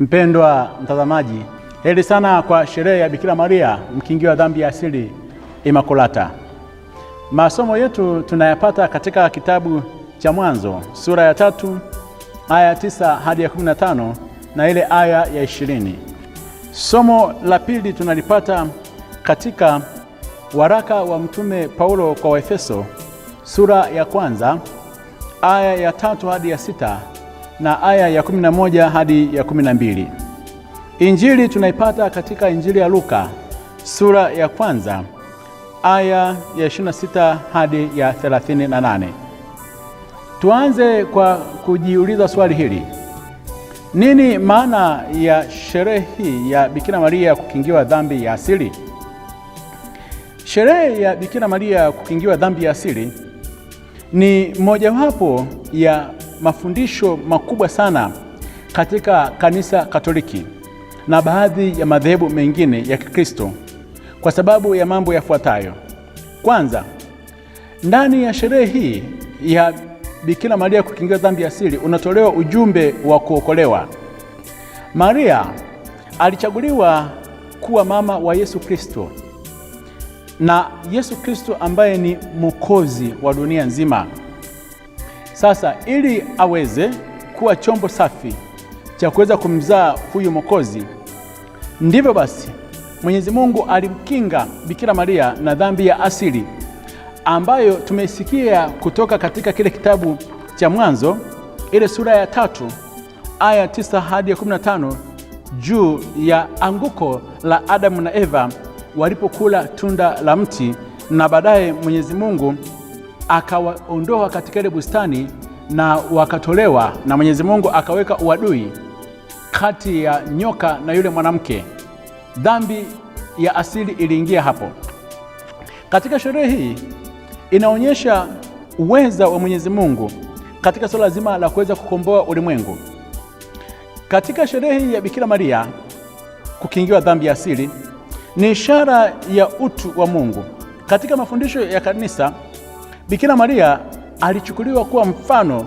Mpendwa mtazamaji, heri sana kwa sherehe ya Bikira Maria mkingi wa dhambi ya asili Imakulata. Masomo yetu tunayapata katika kitabu cha Mwanzo sura ya tatu aya ya tisa hadi ya kumi na tano na ile aya ya ishirini. Somo la pili tunalipata katika waraka wa Mtume Paulo kwa Waefeso sura ya kwanza aya ya tatu hadi ya sita na aya ya 11 hadi ya 12. Injili tunaipata katika Injili ya Luka sura ya kwanza aya ya 26 hadi ya 38. Tuanze kwa kujiuliza swali hili. Nini maana ya sherehe hii ya Bikira Maria kukingiwa dhambi ya asili? Sherehe ya Bikira Maria kukingiwa dhambi ya asili ni mojawapo ya mafundisho makubwa sana katika kanisa Katoliki na baadhi ya madhehebu mengine ya Kikristo kwa sababu ya mambo yafuatayo. Kwanza, ndani ya sherehe hii ya Bikira Maria kukingia dhambi asili unatolewa ujumbe wa kuokolewa. Maria alichaguliwa kuwa mama wa Yesu Kristo na Yesu Kristo ambaye ni mwokozi wa dunia nzima. Sasa ili aweze kuwa chombo safi cha kuweza kumzaa huyu Mwokozi, ndivyo basi Mwenyezi Mungu alimkinga Bikira Maria na dhambi ya asili ambayo tumeisikia kutoka katika kile kitabu cha Mwanzo, ile sura ya tatu aya tisa hadi ya kumi na tano juu ya anguko la Adamu na Eva walipokula tunda la mti na baadaye Mwenyezi Mungu akawaondoa katika ile bustani na wakatolewa, na Mwenyezi Mungu akaweka uadui kati ya nyoka na yule mwanamke. Dhambi ya asili iliingia hapo. Katika sherehe hii inaonyesha uweza wa Mwenyezi Mungu katika suala zima la kuweza kukomboa ulimwengu. Katika sherehe hii ya Bikira Maria kukingiwa dhambi ya asili ni ishara ya utu wa Mungu. Katika mafundisho ya kanisa Bikira Maria alichukuliwa kuwa mfano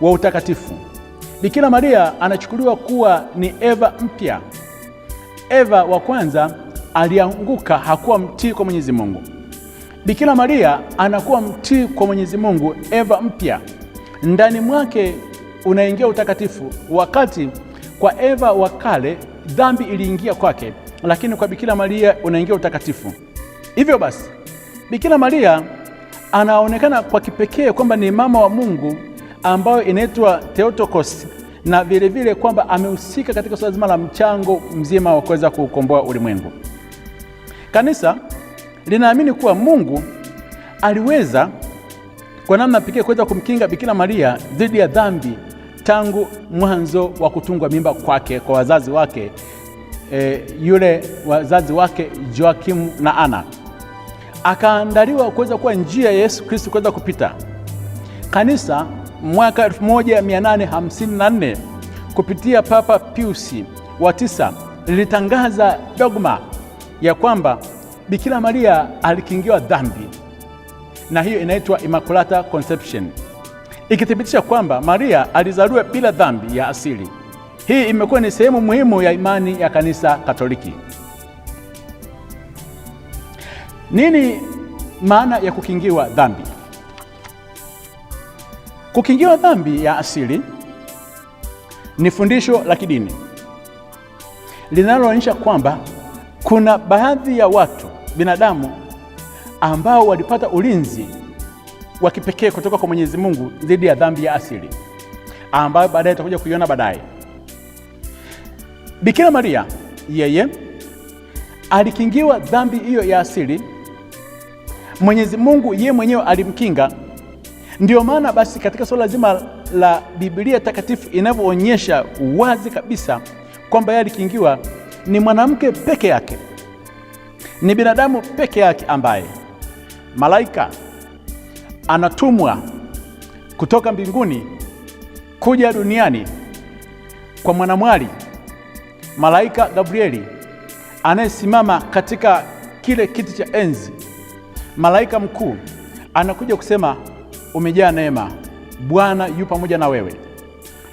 wa utakatifu. Bikira Maria anachukuliwa kuwa ni Eva mpya. Eva wa kwanza alianguka, hakuwa mtii kwa Mwenyezi Mungu. Bikira Maria anakuwa mtii kwa Mwenyezi Mungu, Eva mpya. Ndani mwake unaingia utakatifu, wakati kwa Eva wa kale dhambi iliingia kwake, lakini kwa Bikira Maria unaingia utakatifu. Hivyo basi Bikira Maria anaonekana kwa kipekee kwamba ni mama wa Mungu ambayo inaitwa Theotokos, na vile kwamba amehusika katika suala zima la mchango mzima wa kuweza kuukomboa ulimwengu. Kanisa linaamini kuwa Mungu aliweza kwa namna pekee kuweza kumkinga Bikira Maria dhidi ya dhambi tangu mwanzo wa kutungwa mimba kwake kwa wazazi wake e, yule wazazi wake Joakimu na Ana akaandaliwa kuweza kuwa njia ya Yesu Kristo kuweza kupita. Kanisa mwaka 1854 kupitia Papa Piusi wa tisa lilitangaza dogma ya kwamba Bikira Maria alikingiwa dhambi, na hiyo inaitwa Immaculata Conception, ikithibitisha kwamba Maria alizaliwa bila dhambi ya asili. Hii imekuwa ni sehemu muhimu ya imani ya Kanisa Katoliki. Nini maana ya kukingiwa dhambi? Kukingiwa dhambi ya asili ni fundisho la kidini linaloonyesha kwamba kuna baadhi ya watu binadamu ambao walipata ulinzi wa kipekee kutoka kwa Mwenyezi Mungu dhidi ya dhambi ya asili ambayo baadaye tutakuja kuiona baadaye. Bikira Maria yeye alikingiwa dhambi hiyo ya asili Mwenyezi Mungu yeye mwenyewe alimkinga. Ndiyo maana basi katika suala zima la Biblia Takatifu inavyoonyesha wazi kabisa kwamba yeye alikingiwa, ni mwanamke peke yake, ni binadamu peke yake ambaye malaika anatumwa kutoka mbinguni kuja duniani kwa mwanamwali, malaika Gabrieli anayesimama katika kile kiti cha enzi malaika mkuu anakuja kusema umejaa neema, Bwana yu pamoja na wewe.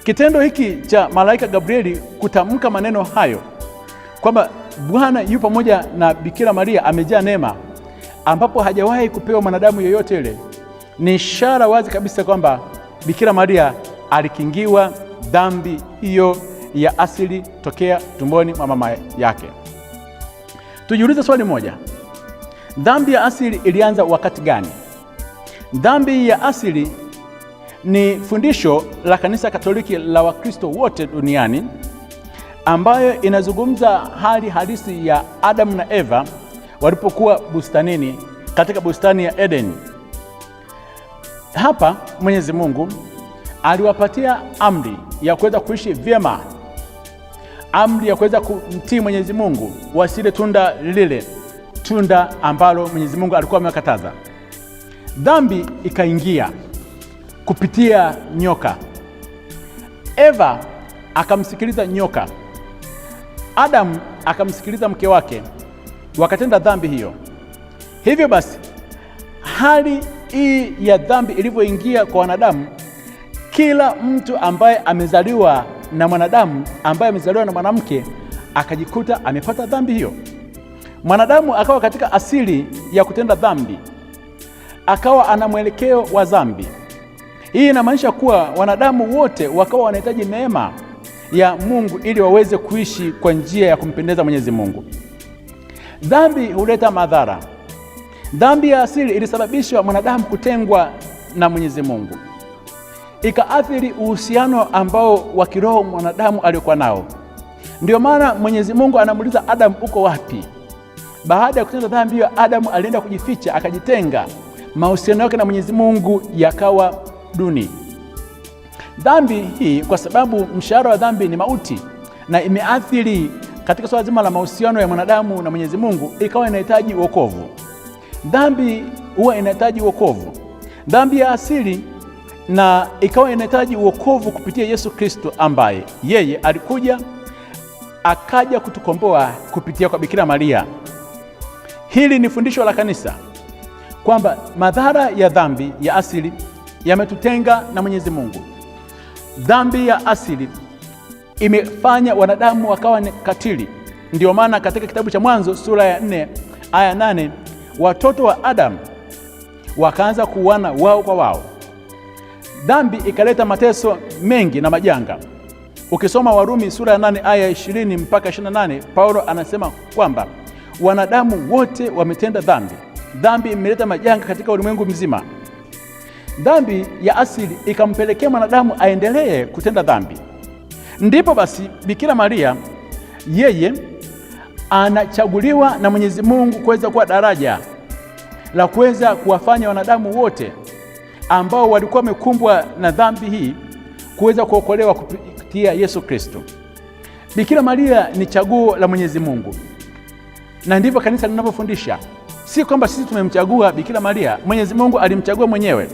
Kitendo hiki cha malaika Gabrieli kutamka maneno hayo kwamba Bwana yu pamoja na Bikira Maria amejaa neema, ambapo hajawahi kupewa mwanadamu yoyote ile, ni ishara wazi kabisa kwamba Bikira Maria alikingiwa dhambi hiyo ya asili tokea tumboni mwa mama yake. Tujiulize swali moja. Dhambi ya asili ilianza wakati gani? Dhambi ya asili ni fundisho la Kanisa Katoliki la Wakristo wote duniani ambayo inazungumza hali halisi ya Adamu na Eva walipokuwa bustanini, katika bustani ya Edeni. Hapa Mwenyezi Mungu aliwapatia amri ya kuweza kuishi vyema, amri ya kuweza kumtii Mwenyezi Mungu, wasile tunda lile tunda ambalo Mwenyezi Mungu alikuwa amekataza. Dhambi ikaingia kupitia nyoka. Eva akamsikiliza nyoka, Adamu akamsikiliza mke wake, wakatenda dhambi hiyo. Hivyo basi hali hii ya dhambi ilivyoingia kwa wanadamu, kila mtu ambaye amezaliwa na mwanadamu, ambaye amezaliwa na mwanamke, akajikuta amepata dhambi hiyo. Mwanadamu akawa katika asili ya kutenda dhambi, akawa ana mwelekeo wa dhambi. Hii inamaanisha kuwa wanadamu wote wakawa wanahitaji neema ya Mungu ili waweze kuishi kwa njia ya kumpendeza Mwenyezi Mungu. Dhambi huleta madhara. Dhambi ya asili ilisababisha mwanadamu kutengwa na Mwenyezi Mungu, ikaathiri uhusiano ambao wa kiroho mwanadamu aliokuwa nao. Ndio maana Mwenyezi Mungu anamuuliza Adamu, uko wapi? Baada ya kutenda dhambi hiyo, Adamu alienda kujificha, akajitenga, mahusiano yake na Mwenyezi Mungu yakawa duni. Dhambi hii, kwa sababu mshahara wa dhambi ni mauti, na imeathiri katika swala zima la mahusiano ya mwanadamu na Mwenyezi Mungu, ikawa inahitaji wokovu. Dhambi huwa inahitaji wokovu, dhambi ya asili, na ikawa inahitaji wokovu kupitia Yesu Kristo, ambaye yeye alikuja akaja kutukomboa kupitia kwa Bikira Maria. Hili ni fundisho la kanisa kwamba madhara ya dhambi ya asili yametutenga na Mwenyezi Mungu. Dhambi ya asili imefanya wanadamu wakawa ni katili. ndio maana katika kitabu cha Mwanzo sura ya 4 aya 8 watoto wa Adamu wakaanza kuuana wao kwa wao. Dhambi ikaleta mateso mengi na majanga. Ukisoma Warumi sura ya 8 aya 20 mpaka 28, Paulo anasema kwamba Wanadamu wote wametenda dhambi. Dhambi imeleta majanga katika ulimwengu mzima. Dhambi ya asili ikampelekea mwanadamu aendelee kutenda dhambi. Ndipo basi Bikira Maria yeye anachaguliwa na Mwenyezi Mungu kuweza kuwa daraja la kuweza kuwafanya wanadamu wote ambao walikuwa wamekumbwa na dhambi hii kuweza kuokolewa kupitia Yesu Kristo. Bikira Maria ni chaguo la Mwenyezi Mungu na ndivyo kanisa linavyofundisha. Si kwamba sisi tumemchagua Bikira Maria, Mwenyezi Mungu alimchagua mwenyewe,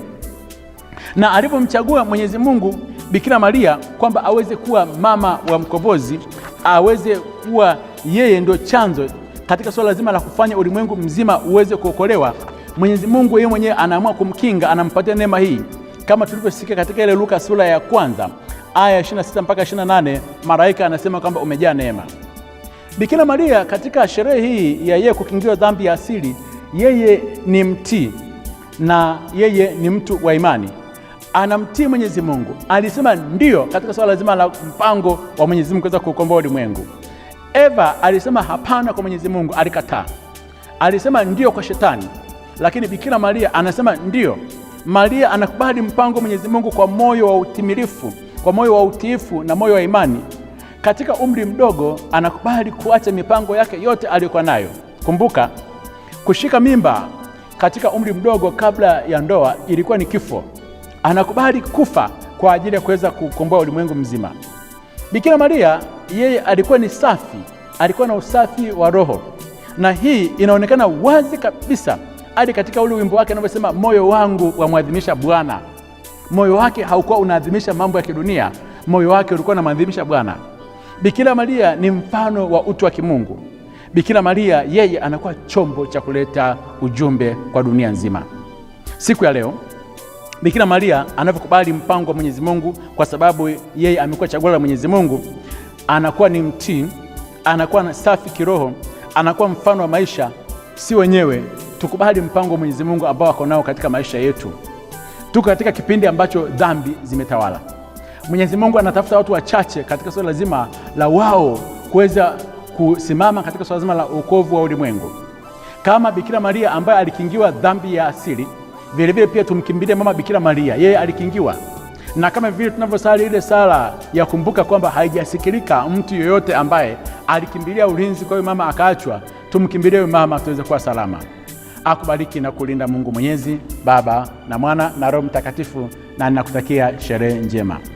na alipomchagua Mwenyezi Mungu Bikira Maria kwamba aweze kuwa mama wa mkombozi, aweze kuwa yeye ndio chanzo katika suala zima la kufanya ulimwengu mzima uweze kuokolewa. Mwenyezi Mungu yeye mwenyewe anaamua kumkinga, anampatia neema hii, kama tulivyosikia katika ile Luka sura ya kwanza aya 26 mpaka 28, malaika anasema kwamba umejaa neema. Bikira Maria katika sherehe hii ya yeye kukingiwa dhambi ya asili, yeye ni mtii na yeye ni mtu wa imani, anamtii Mwenyezi Mungu. Alisema ndiyo katika swala zima la mpango wa Mwenyezi Mungu kuweza kukomboa ulimwengu. Eva alisema hapana kwa Mwenyezi Mungu, alikataa. Alisema ndiyo kwa Shetani, lakini Bikira Maria anasema ndiyo. Maria anakubali mpango wa Mwenyezi Mungu kwa moyo wa utimilifu, kwa moyo wa utiifu na moyo wa imani katika umri mdogo anakubali kuacha mipango yake yote aliyokuwa nayo. Kumbuka, kushika mimba katika umri mdogo kabla ya ndoa ilikuwa ni kifo. Anakubali kufa kwa ajili ya kuweza kukomboa ulimwengu mzima. Bikira Maria yeye alikuwa ni safi, alikuwa na usafi wa roho, na hii inaonekana wazi kabisa hadi katika ule wimbo wake anavyosema, moyo wangu wamwadhimisha Bwana. Moyo wake haukuwa unaadhimisha mambo ya kidunia, moyo wake ulikuwa unamwadhimisha Bwana. Bikira Maria ni mfano wa utu wa kimungu. Bikira Maria yeye anakuwa chombo cha kuleta ujumbe kwa dunia nzima. Siku ya leo Bikira Maria anavyokubali mpango wa Mwenyezi Mungu, kwa sababu yeye amekuwa chaguo la Mwenyezi Mungu, anakuwa ni mtii, anakuwa safi kiroho, anakuwa mfano wa maisha. Si wenyewe tukubali mpango wa Mwenyezi Mungu ambao ako nao katika maisha yetu. Tuko katika kipindi ambacho dhambi zimetawala. Mwenyezi Mungu anatafuta watu wachache katika swala so zima la wao kuweza kusimama katika swala so zima la ukovu wa ulimwengu, kama Bikira Maria ambaye alikingiwa dhambi ya asili. Vilevile pia tumkimbilie mama Bikira Maria, yeye alikingiwa na kama vile tunavyosali ile sala ya kumbuka kwamba haijasikilika mtu yoyote ambaye alikimbilia ulinzi, kwa mama akaachwa, tumkimbilie huyo mama tuweze kuwa salama. Akubariki na kulinda Mungu Mwenyezi, Baba na Mwana na Roho Mtakatifu, na ninakutakia sherehe njema.